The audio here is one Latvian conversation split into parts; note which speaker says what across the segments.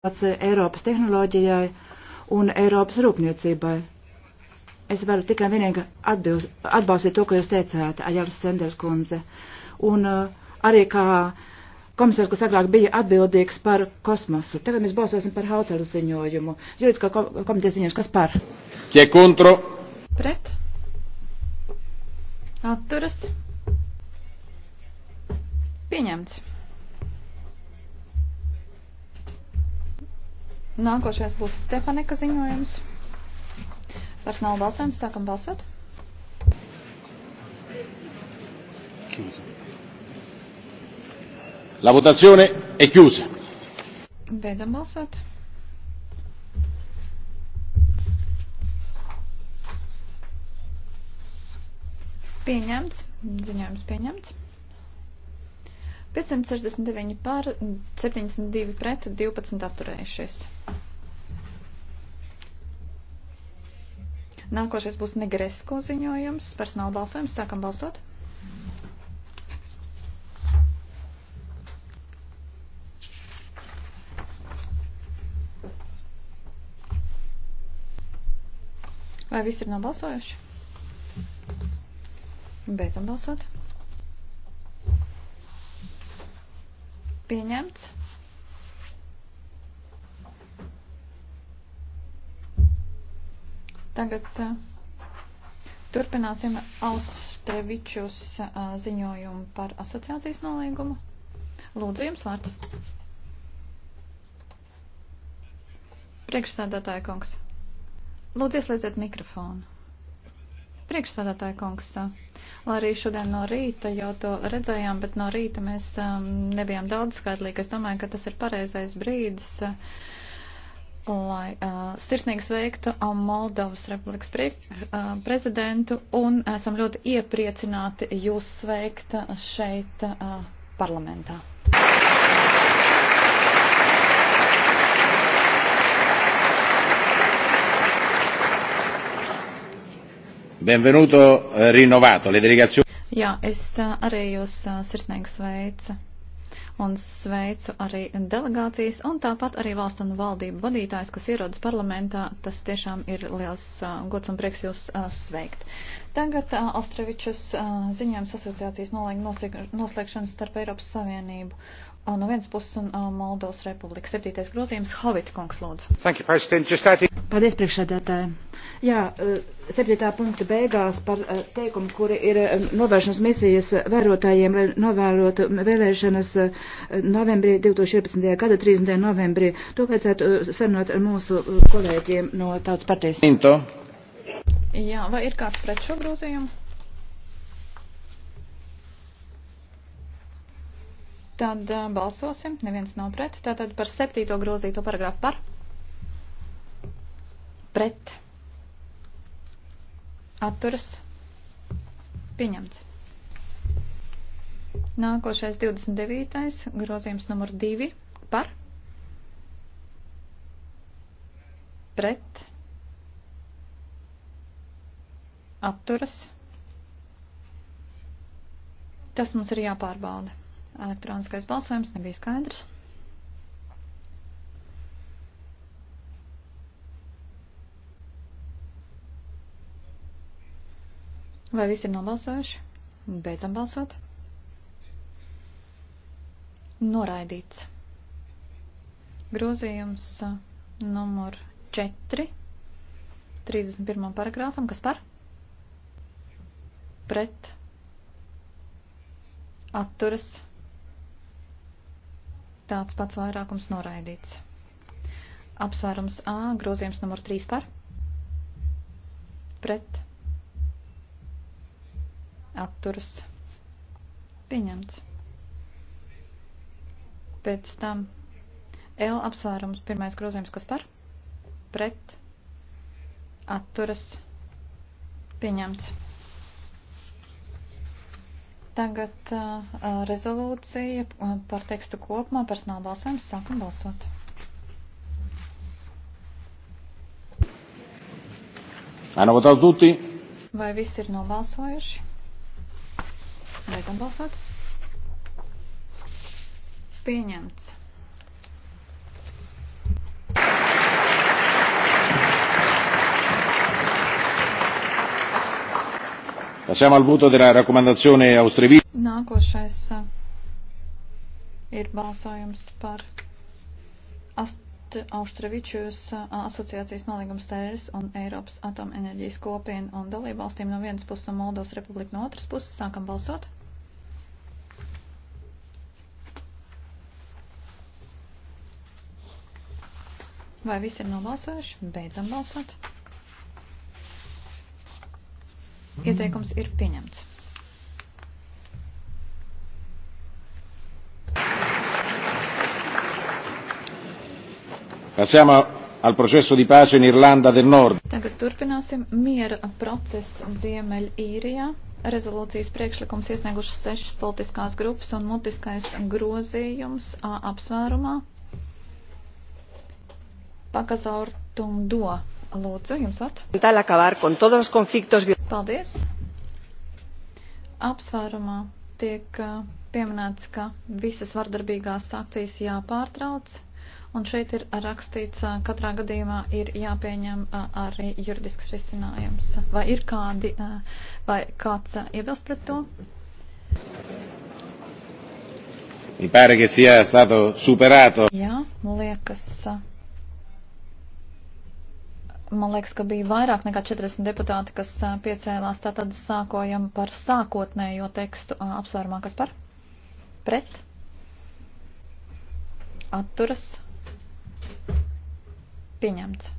Speaker 1: pats Eiropas tehnoloģijai un Eiropas rūpniecībai. Es varu tikai vienīgi atbilst, atbalstīt to, ko jūs teicāt, Ajāras Senders kundze. Un uh, arī kā komisārs, kas agrāk bija atbildīgs par kosmosu. Tagad mēs balsosim par Hautelu ziņojumu. Juridiskā komiteja ziņojums, kas par? Kie kontro? Pret. Atturas. Pieņemts. Nākošais būs Stefanika ziņojums. Vairs nav balsojums, sākam balsot. 15. La votazione è chiusa. Beidzam balsot. Pieņemts. Ziņojums pieņemts. 569 pār, 72 pret, 12 atturējušies. Nākošais būs Negresko ziņojums. Personāla balsojums. Sākam balsot. Vai visi ir nobalsojuši? Beidzam balsot. Pieņemts. Tagad turpināsim Austrevičus ziņojumu par asociācijas nolīgumu. Lūdzu, jums vārds. Priekšsēdētāja kungs. Lūdzu, ieslēdziet mikrofonu. Priekšsēdētāja kungs. Lai arī šodien no rīta jau to redzējām, bet no rīta mēs um, nebijām daudz skaidrīgi. Es domāju, ka tas ir pareizais brīdis. Uh, lai uh, sirsnīgi sveiktu Moldovas Republikas pre, uh, prezidentu un esam ļoti iepriecināti jūs sveikt šeit uh, parlamentā. Benvenuto uh, rinnovato, le delegazioni. Jā, es uh, arī jūs uh, sirsnīgi sveicu un sveicu arī delegācijas un tāpat arī valstu un valdību vadītājs, kas ierodas parlamentā. Tas tiešām ir liels gods un prieks jūs sveikt. Tagad Austrevičus ziņojums asociācijas nolēguma noslēgšanas starp Eiropas Savienību no vienas puses un Moldovas republika. Septītais grozījums - Havita kungs lūdzu. Thank you, Paldies, priekšsēdētāji. Jā, septītā punkta beigās par teikumu, kuri ir novēršanas misijas vērotājiem, lai novērotu vēlēšanas novembrī 2014. gada 30. novembrī. To vajadzētu sarunāt ar mūsu kolēģiem no tautas partijas. Minto. Jā, vai ir kāds pret šo grozījumu? Tad uh, balsosim, neviens nav pret. Tātad par septīto grozīto paragrāfu par. Pret. Atturas. Pieņemts. Nākošais 29. grozījums numur 2 par. Pret. Atturas. Tas mums ir jāpārbauda. Elektroniskais balsojums nebija skaidrs. Vai visi ir nobalsojuši? Beidzam balsot. Noraidīts. Grozījums numur 4, 31. paragrāfam, kas par? Pret. Atturas tāds pats vairākums noraidīts. Apsvērums A, grozījums numur 3 par, pret, atturas, pieņemts. Pēc tam L apsvērums, pirmais grozījums, kas par, pret, atturas, pieņemts. Tagad uh, uh rezolūcija uh, par tekstu kopumā personāla balsojums. Sākam balsot. Hanno votato tutti? Vai visi ir nobalsojuši? Beidzam balsot. Pieņemts. Passiamo al voto della raccomandazione austrevista. Nākošais uh, ir balsojums par Auštrevičus uh, asociācijas nolīgums tēris un Eiropas atomenerģijas kopienu un dalībvalstīm no vienas puses un Moldovas republika no otras puses. Sākam balsot. Vai visi ir nobalsojuši? Beidzam balsot. Ieteikums ir pieņemts. Passiamo al processo di pace in Irlanda del Nord. Tagad turpināsim miera procesu Ziemeļīrijā. Rezolūcijas priekšlikums iesniegušas sešas politiskās grupas un mutiskais grozījums A apsvērumā. Pakazaurtum do. Lūdzu, jums vārds. Paldies! Apsvērumā tiek uh, pieminēts, ka visas vardarbīgās akcijas jāpārtrauc, un šeit ir rakstīts, uh, katrā gadījumā ir jāpieņem uh, arī juridisks risinājums. Vai ir kādi, vai kāds iebilst pret to? Mi pare che sia stato superato. Jā, liekas, man liekas, ka bija vairāk nekā 40 deputāti, kas piecēlās. Tātad sākojam par sākotnējo tekstu apsvērumā, kas par pret atturas pieņemts.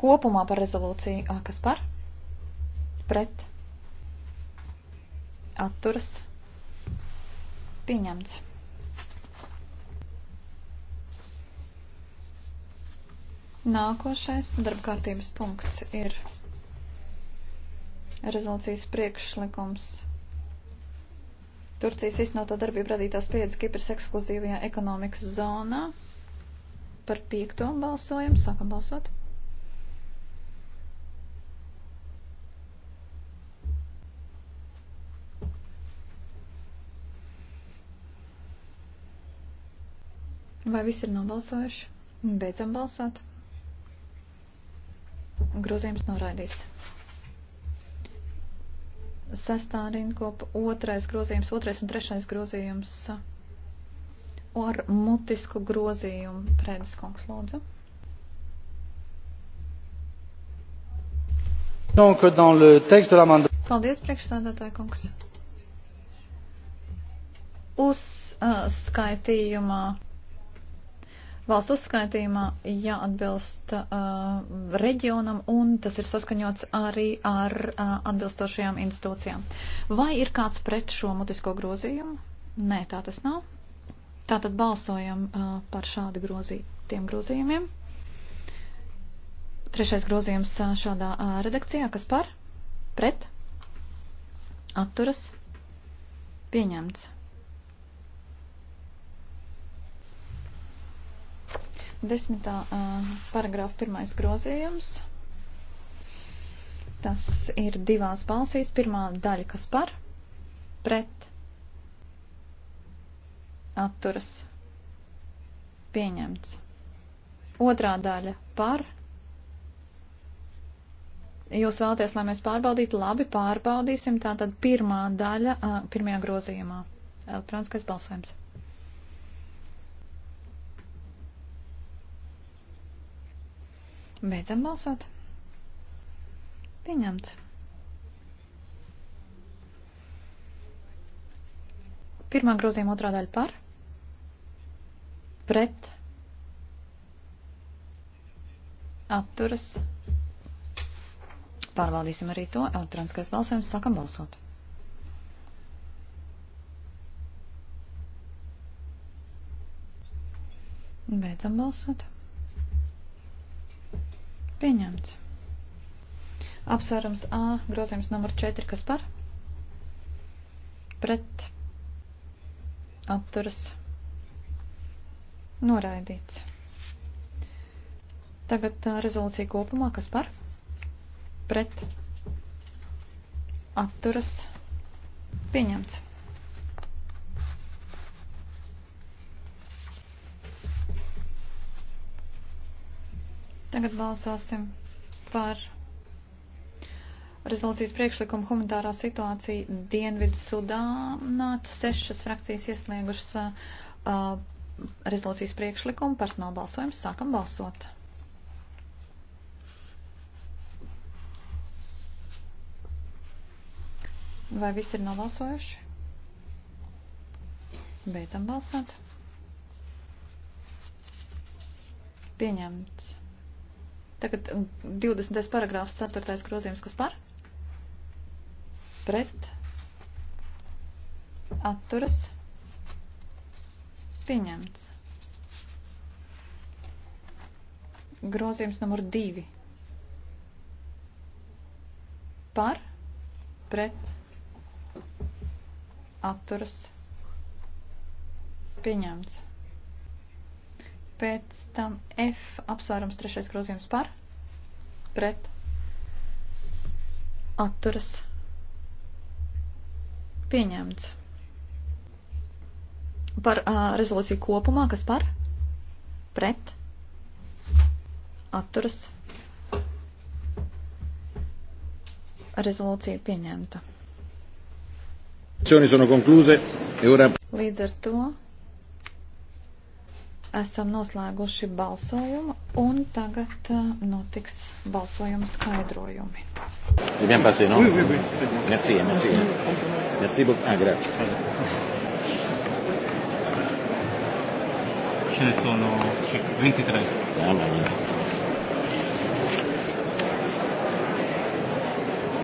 Speaker 1: Kopumā par rezolūciju, kas par pret atturas pieņemts. Nākošais darbkārtības punkts ir rezolūcijas priekšlikums. Turcijas iznoto darbību radītās spriedzes Kipras ekskluzīvajā ekonomikas zonā. Par piekto balsojumu sākam balsot. Vai visi ir nobalsojuši? Beidzam balsot. Grozījums noraidīts. Sestā rinkopa, otrais grozījums, otrais un trešais grozījums ar mutisku grozījumu. Prēdis kungs, lūdzu. Paldies, priekšsādātāja kungs. Uzskaitījumā. Uh, Valsts uzskaitījumā jāatbilst uh, reģionam un tas ir saskaņots arī ar uh, atbilstošajām institūcijām. Vai ir kāds pret šo mutisko grozījumu? Nē, tā tas nav. Tātad balsojam uh, par šādu grozītiem grozījumiem. Trešais grozījums uh, šādā uh, redakcijā, kas par? Pret? Atturas? Pieņemts. Desmitā uh, paragrāfa pirmais grozījums. Tas ir divās balsīs. Pirmā daļa, kas par, pret, atturas, pieņemts. Otrā daļa par. Jūs vēlaties, lai mēs pārbaudītu? Labi, pārbaudīsim. Tātad pirmā daļa pirmajā grozījumā. Elektroniskais balsojums. Beidzam balsot. Pieņemts. Pirmā grozījuma otrā daļa par. Pret. Apturas. Pārvaldīsim arī to. Elektroniskais balsojums. Sākam balsot. Beidzam balsot. Pieņemts. Apsvērums A, grozījums numur 4, kas par? Pret. Atturas. Noraidīts. Tagad rezolūcija kopumā, kas par? Pret. Atturas. Pieņemts. Tagad balsosim par rezolūcijas priekšlikumu humanitārā situācija Dienvidu Sudānā. Sešas frakcijas iesniegušas uh, rezolūcijas priekšlikumu. Personāla balsojums. Sākam balsot. Vai visi ir nobalsojuši? Beidzam balsot. Pieņemts. Tagad 20. paragrāfs 4. grozījums, kas par? Pret. Atturas. Pieņemts. Grozījums numur 2. Par. Pret. Atturas. Pieņemts. Pēc tam F apsvērums trešais grozījums par, pret, atturas, pieņemts. Par uh, rezolūciju kopumā, kas par, pret, atturas, rezolūcija pieņemta. E Līdz ar to Esam noslēguši balsojumu un tagad uh, notiks balsojuma skaidrojumi. Bien passé, non? Oui, oui, oui. Merci, merci. Merci beaucoup. Ah, grazie. Ce ne sono 23. Ah, ma mia.